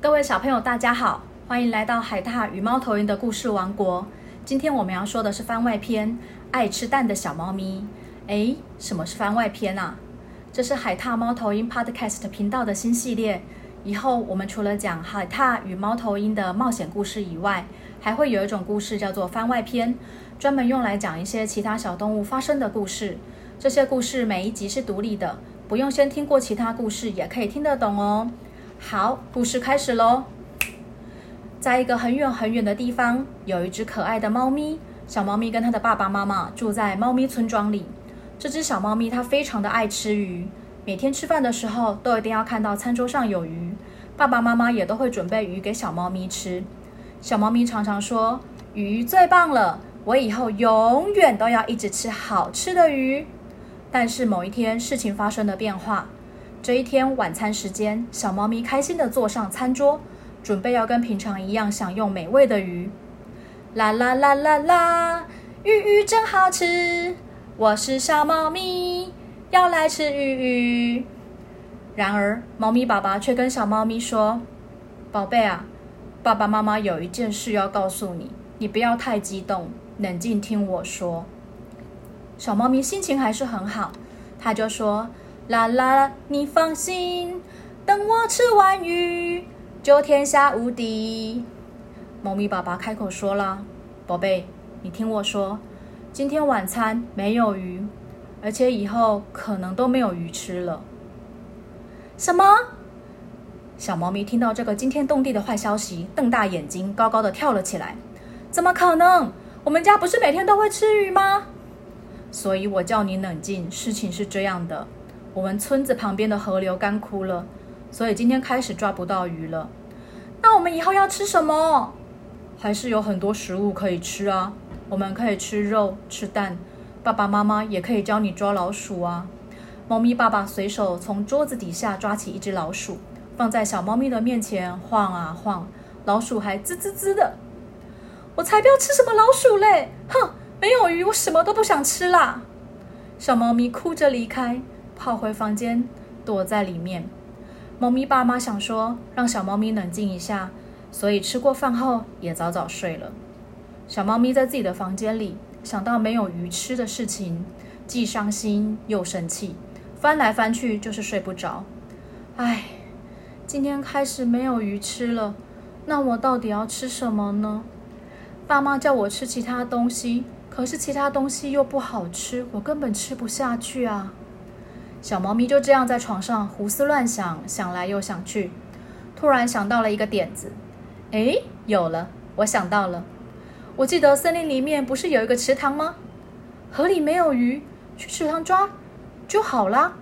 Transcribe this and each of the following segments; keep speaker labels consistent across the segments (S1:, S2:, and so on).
S1: 各位小朋友，大家好，歡迎來到海獺與貓頭鷹的故事王國。今天我們要說的是番外篇《愛吃蛋的小貓咪》。誒，什麼是番外篇啊？這是海獺貓頭鷹 Podcast 頻道的新系列。以後我們除了講海獺與貓頭鷹的冒險故事以外，還會有一種故事叫做番外篇，專門用來講一些其他小動物發生的故事。這些故事每一集是獨立的，不用先聽過其他故事也可以聽得懂哦。好，故事開始嘍。在一個很遠很遠的地方，有一只可愛的貓咪。小貓咪跟它的爸爸媽媽住在貓咪村莊裡。這只小貓咪它非常的愛吃魚，每天吃飯的時候都一定要看到餐桌上有魚。爸爸媽媽也都會準備魚給小貓咪吃。小貓咪常常說：“魚最棒了，我以後永遠都要一直吃好吃的魚。”但是某一天，事情發生了變化。這一天晚餐時間，小貓咪開心地坐上餐桌，準備要跟平常一樣享用美味的魚。啦啦啦啦啦，魚魚真好吃，我是小貓咪，要來吃魚魚。然而，貓咪爸爸卻跟小貓咪說：“寶貝啊，爸爸媽媽有一件事要告訴你，你不要太激動，冷靜聽我說。”小貓咪心情還是很好，他就說。啦啦啦！你放心，等我吃完魚就天下無敵。貓咪爸爸開口說啦：「寶貝，你聽我說，今天晚餐沒有魚，而且以後可能都沒有魚吃了。”什麼？小貓咪聽到這個驚天動地的壞消息，瞪大眼睛，高高的跳了起來：“怎麼可能？我們家不是每天都會吃魚嗎？”所以，我叫你冷靜。事情是這樣的。我們村子旁邊的河流乾枯了，所以今天開始抓不到魚了。那我們以後要吃什麼？還是有很多食物可以吃啊！我們可以吃肉、吃蛋。爸爸媽媽也可以教你抓老鼠啊。貓咪爸爸隨手從桌子底下抓起一隻老鼠，放在小貓咪的面前晃啊晃，老鼠還滋滋滋的。我才不要吃什麼老鼠嘞，哼，沒有魚，我什麼都不想吃啦。小貓咪哭着離開，跑回房間躲在裡面。貓咪爸媽想說讓小貓咪冷靜一下，所以吃過飯後也早早睡了。小貓咪在自己的房間裡想到沒有魚吃的事情，既傷心又生氣，翻來翻去就是睡不着。唉，今天開始沒有魚吃了，那我到底要吃什麼呢？爸媽叫我吃其他東西，可是其他東西又不好吃，我根本吃不下去啊。小貓咪就這樣在床上胡思亂想，想來又想去，突然想到了一個點子，哎，有了！我想到了，我記得森林裡面不是有一個池塘嗎？河裡沒有魚，去池塘抓就好啦。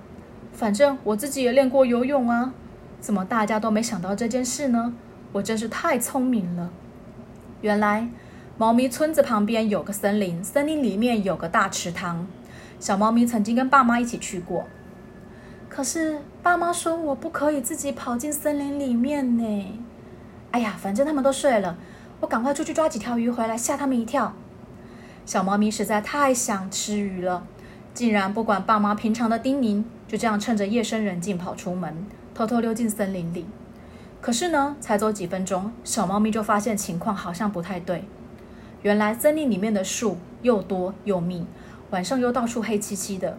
S1: 反正我自己也練過游泳啊，怎麼大家都沒想到這件事呢？我真是太聰明了！原來，貓咪村子旁邊有個森林，森林裡面有個大池塘，小貓咪曾經跟爸媽一起去過。可是爸媽說我不可以自己跑進森林裡面呢。哎呀，反正他們都睡了，我趕快出去抓幾條魚回來嚇他們一跳。小貓咪實在太想吃魚了，竟然不管爸媽平常的叮嚀，就這樣趁着夜深人靜跑出門，偷偷溜進森林裡。可是呢，才走幾分鐘，小貓咪就發現情況好像不太對。原來森林裡面的樹又多又密，晚上又到處黑漆漆的。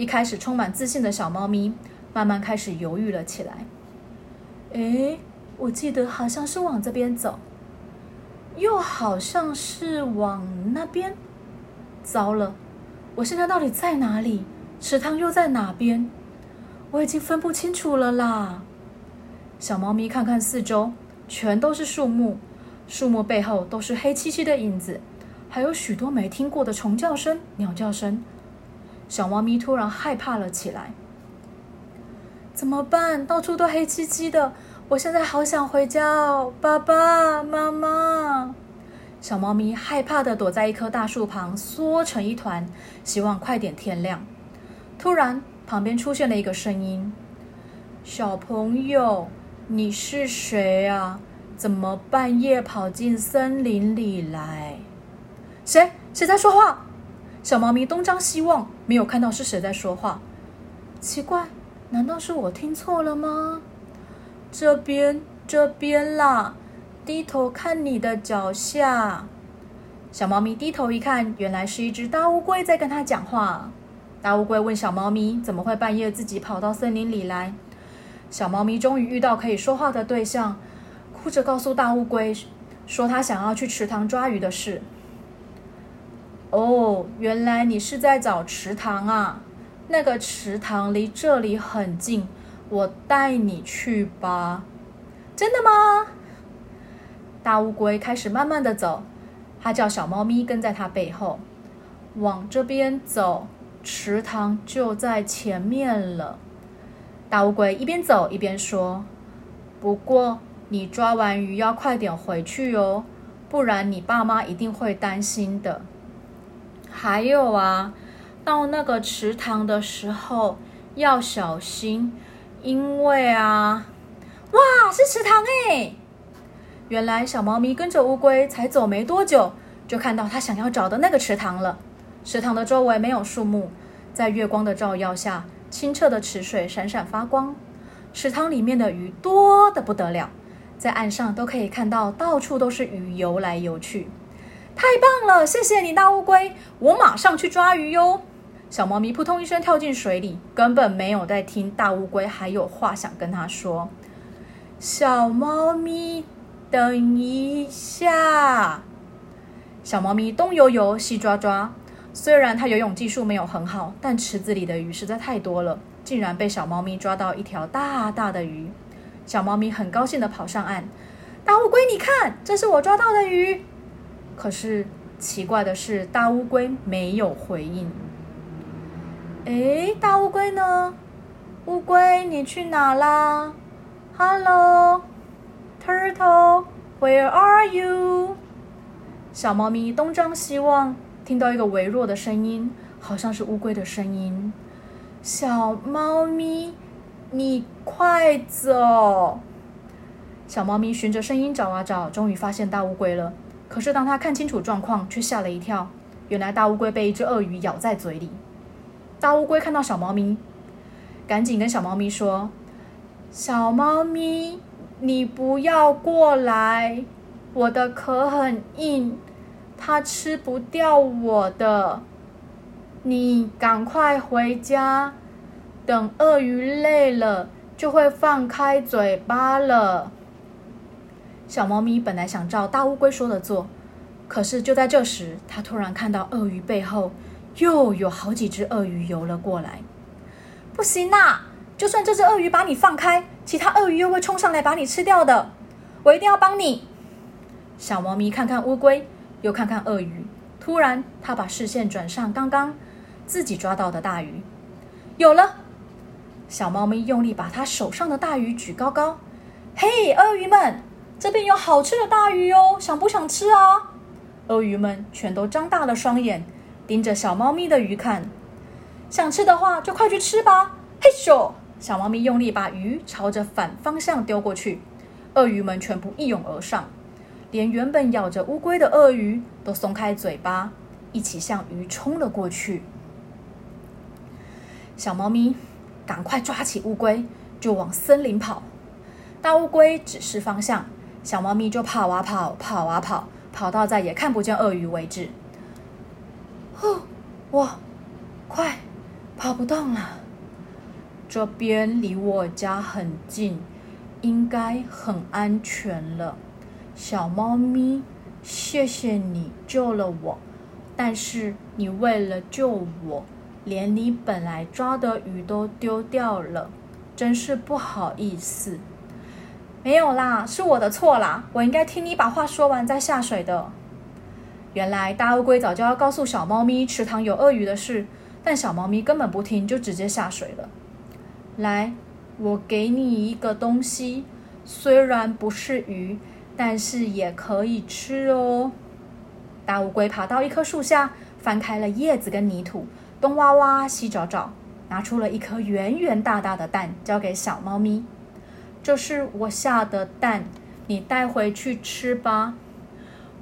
S1: 一開始充滿自信的小貓咪，慢慢開始猶豫了起來。誒，我記得好像是往這邊走，又好像是往那邊。糟了，我現在到底在哪裡？池塘又在哪邊？我已經分不清楚了啦！小貓咪看看四周，全都是樹木，樹木背後都是黑漆漆的影子，還有許多沒聽過的蟲叫聲、鳥叫聲。小貓咪突然害怕了起來，怎麼辦？到處都黑漆漆的，我現在好想回家哦！爸爸媽媽，小貓咪害怕地躲在一棵大樹旁，縮成一團，希望快點天亮。突然，旁邊出現了一個聲音：“小朋友，你是誰啊？怎麼半夜跑進森林裡來？”誰？誰在說話？小貓咪東張西望，沒有看到是誰在說話。奇怪，難道是我聽錯了嗎？這邊，這邊啦！低頭看你的腳下。小貓咪低頭一看，原來是一隻大烏龜在跟它講話。大烏龜問小貓咪：“怎麼會半夜自己跑到森林裡來？”小貓咪終於遇到可以說話的對象，哭着告訴大烏龜，說它想要去池塘抓魚的事。哦，原來你是在找池塘啊！那個池塘離這裡很近，我帶你去吧。真的嗎？大烏龜開始慢慢的走，它叫小貓咪跟在它背後，往這邊走，池塘就在前面了。大烏龜一邊走一邊說：“不過你抓完魚要快點回去哦，不然你爸媽一定會擔心的。”還有啊，到那個池塘的時候要小心，因為啊，哇，是池塘誒！原來小貓咪跟着烏龜才走沒多久，就看到它想要找的那個池塘了。池塘的周圍沒有樹木，在月光的照耀下，清澈的池水閃閃發光。池塘裡面的魚多得不得了，在岸上都可以看到，到處都是魚游來游去。太棒了，謝謝你，大烏龜！我馬上去抓魚喲。小貓咪撲通一聲跳進水裡，根本沒有在聽大烏龜還有話想跟他說。小貓咪，等一下！小貓咪東游游，西抓抓。雖然它游泳技術沒有很好，但池子裡的魚實在太多了，竟然被小貓咪抓到一條大大的魚。小貓咪很高興的跑上岸。大烏龜，你看，這是我抓到的魚。可是奇怪的是，大烏龜沒有回應。哎，大烏龜呢？烏龜，你去哪啦？哈嘍，turtle, where are you？小貓咪東張西望，聽到一個微弱的聲音，好像是烏龜的聲音。小貓咪，你快走！小貓咪循着聲音找啊找，終於發現大烏龜了。可是，當他看清楚狀況，卻嚇了一跳。原來，大烏龜被一隻鱷魚咬在嘴裡。大烏龜看到小貓咪，趕緊跟小貓咪說：“小貓咪，你不要過來，我的殼很硬，它吃不掉我的。你趕快回家，等鱷魚累了，就會放開嘴巴了。”小貓咪本來想照大烏龜說的做，可是就在這時，它突然看到鱷魚背後又有好幾隻鱷魚游了過來。不行啊！就算這隻鱷魚把你放開，其他鱷魚又會衝上來把你吃掉的。我一定要幫你！小貓咪看看烏龜，又看看鱷魚，突然它把視線轉向剛剛自己抓到的大魚。有了！小貓咪用力把它手上的大魚舉高高。嘿，hey, 鱷魚們！這邊有好吃的大魚哦，想不想吃啊？鱷魚們全都張大了雙眼，盯着小貓咪的魚看。想吃的話，就快去吃吧！嘿咻！小貓咪用力把魚朝着反方向丟過去，鱷魚們全部一擁而上，連原本咬着烏龜的鱷魚都鬆開嘴巴，一起向魚衝了過去。小貓咪趕快抓起烏龜，就往森林跑。大烏龜指示方向。小貓咪就跑啊跑，跑啊跑，跑到再也看不見鱷魚為止。呼，我快跑不動了。這邊離我家很近，應該很安全了。小貓咪，謝謝你救了我，但是你為了救我，連你本來抓的魚都丟掉了，真是不好意思。沒有啦，是我的錯啦，我應該聽你把話說完再下水的。原來大烏龜早就要告訴小貓咪池塘有鱷魚的事，但小貓咪根本不聽，就直接下水了。來，我給你一個東西，雖然不是魚，但是也可以吃哦。大烏龜爬到一棵樹下，翻開了葉子跟泥土，東挖挖，西找找，拿出了一顆圓圓大大的蛋，交給小貓咪。就是我下的蛋，你帶回去吃吧。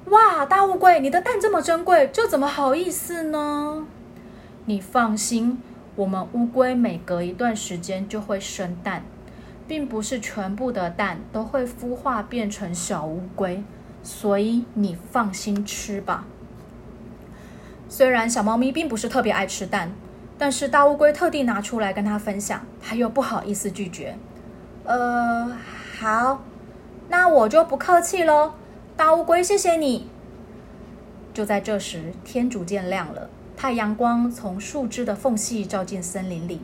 S1: 哇，大烏龜，你的蛋這麼珍貴，這怎麼好意思呢？你放心，我們烏龜每隔一段時間就會生蛋，並不是全部的蛋都會孵化變成小烏龜，所以你放心吃吧。雖然小貓咪並不是特別愛吃蛋，但是大烏龜特地拿出來跟它分享，它又不好意思拒絕。呃，好，那我就不客氣嘍，大烏龜，謝謝你。就在這時，天逐漸亮了，太陽光從樹枝的縫隙照進森林裡，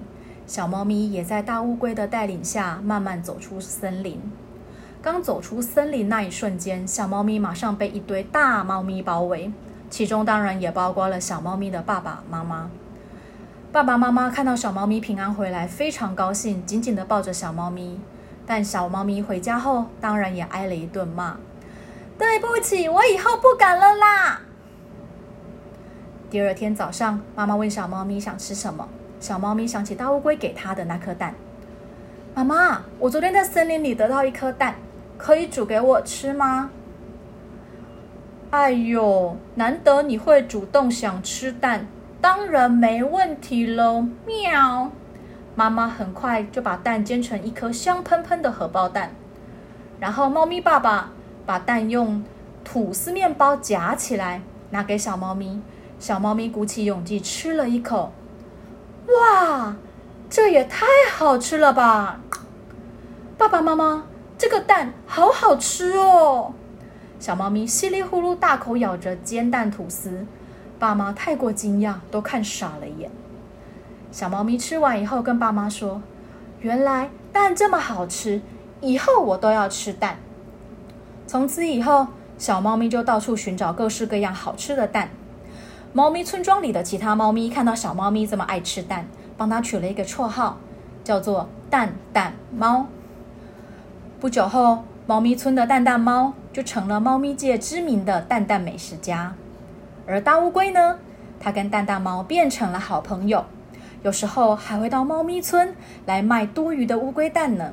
S1: 小貓咪也在大烏龜的帶領下慢慢走出森林。剛走出森林那一瞬間，小貓咪馬上被一堆大貓咪包圍，其中當然也包括了小貓咪的爸爸媽媽。爸爸媽媽看到小貓咪平安回來，非常高興，緊緊地抱着小貓咪。但小貓咪回家後，當然也挨了一頓罵。對不起，我以後不敢了啦。第二天早上，媽媽問小貓咪想吃什麼。小貓咪想起大烏龜給它的那顆蛋。媽媽，我昨天在森林裡得到一顆蛋，可以煮給我吃嗎？哎喲，難得你會主動想吃蛋，當然沒問題嘍。喵。媽媽很快就把蛋煎成一顆香噴噴的荷包蛋，然後貓咪爸爸把蛋用吐司麵包夾起來，拿給小貓咪。小貓咪鼓起勇氣吃了一口，哇，這也太好吃了吧！爸爸媽媽，這個蛋好好吃哦！小貓咪稀里呼嚕大口咬着煎蛋吐司，爸媽太過驚訝，都看傻了一眼。小貓咪吃完以後，跟爸媽說：“原來蛋這麼好吃，以後我都要吃蛋。”從此以後，小貓咪就到處尋找各式各樣好吃的蛋。貓咪村莊裡的其他貓咪看到小貓咪這麼愛吃蛋，幫它取了一個綽號，叫做“蛋蛋貓”。不久後，貓咪村的蛋蛋貓就成了貓咪界知名的蛋蛋美食家。而大烏龜呢，它跟蛋蛋貓變成了好朋友。有時候還會到貓咪村來賣多餘的烏龜蛋呢。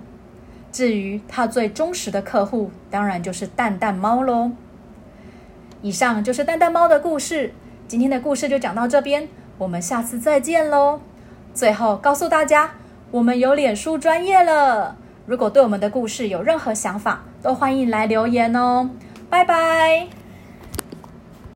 S1: 至於他最忠實的客戶，當然就是蛋蛋貓嘍。以上就是蛋蛋貓的故事，今天的故事就講到這邊，我們下次再見嘍。最後告訴大家，我們有臉書專頁了，如果對我們的故事有任何想法，都歡迎來留言哦。拜拜。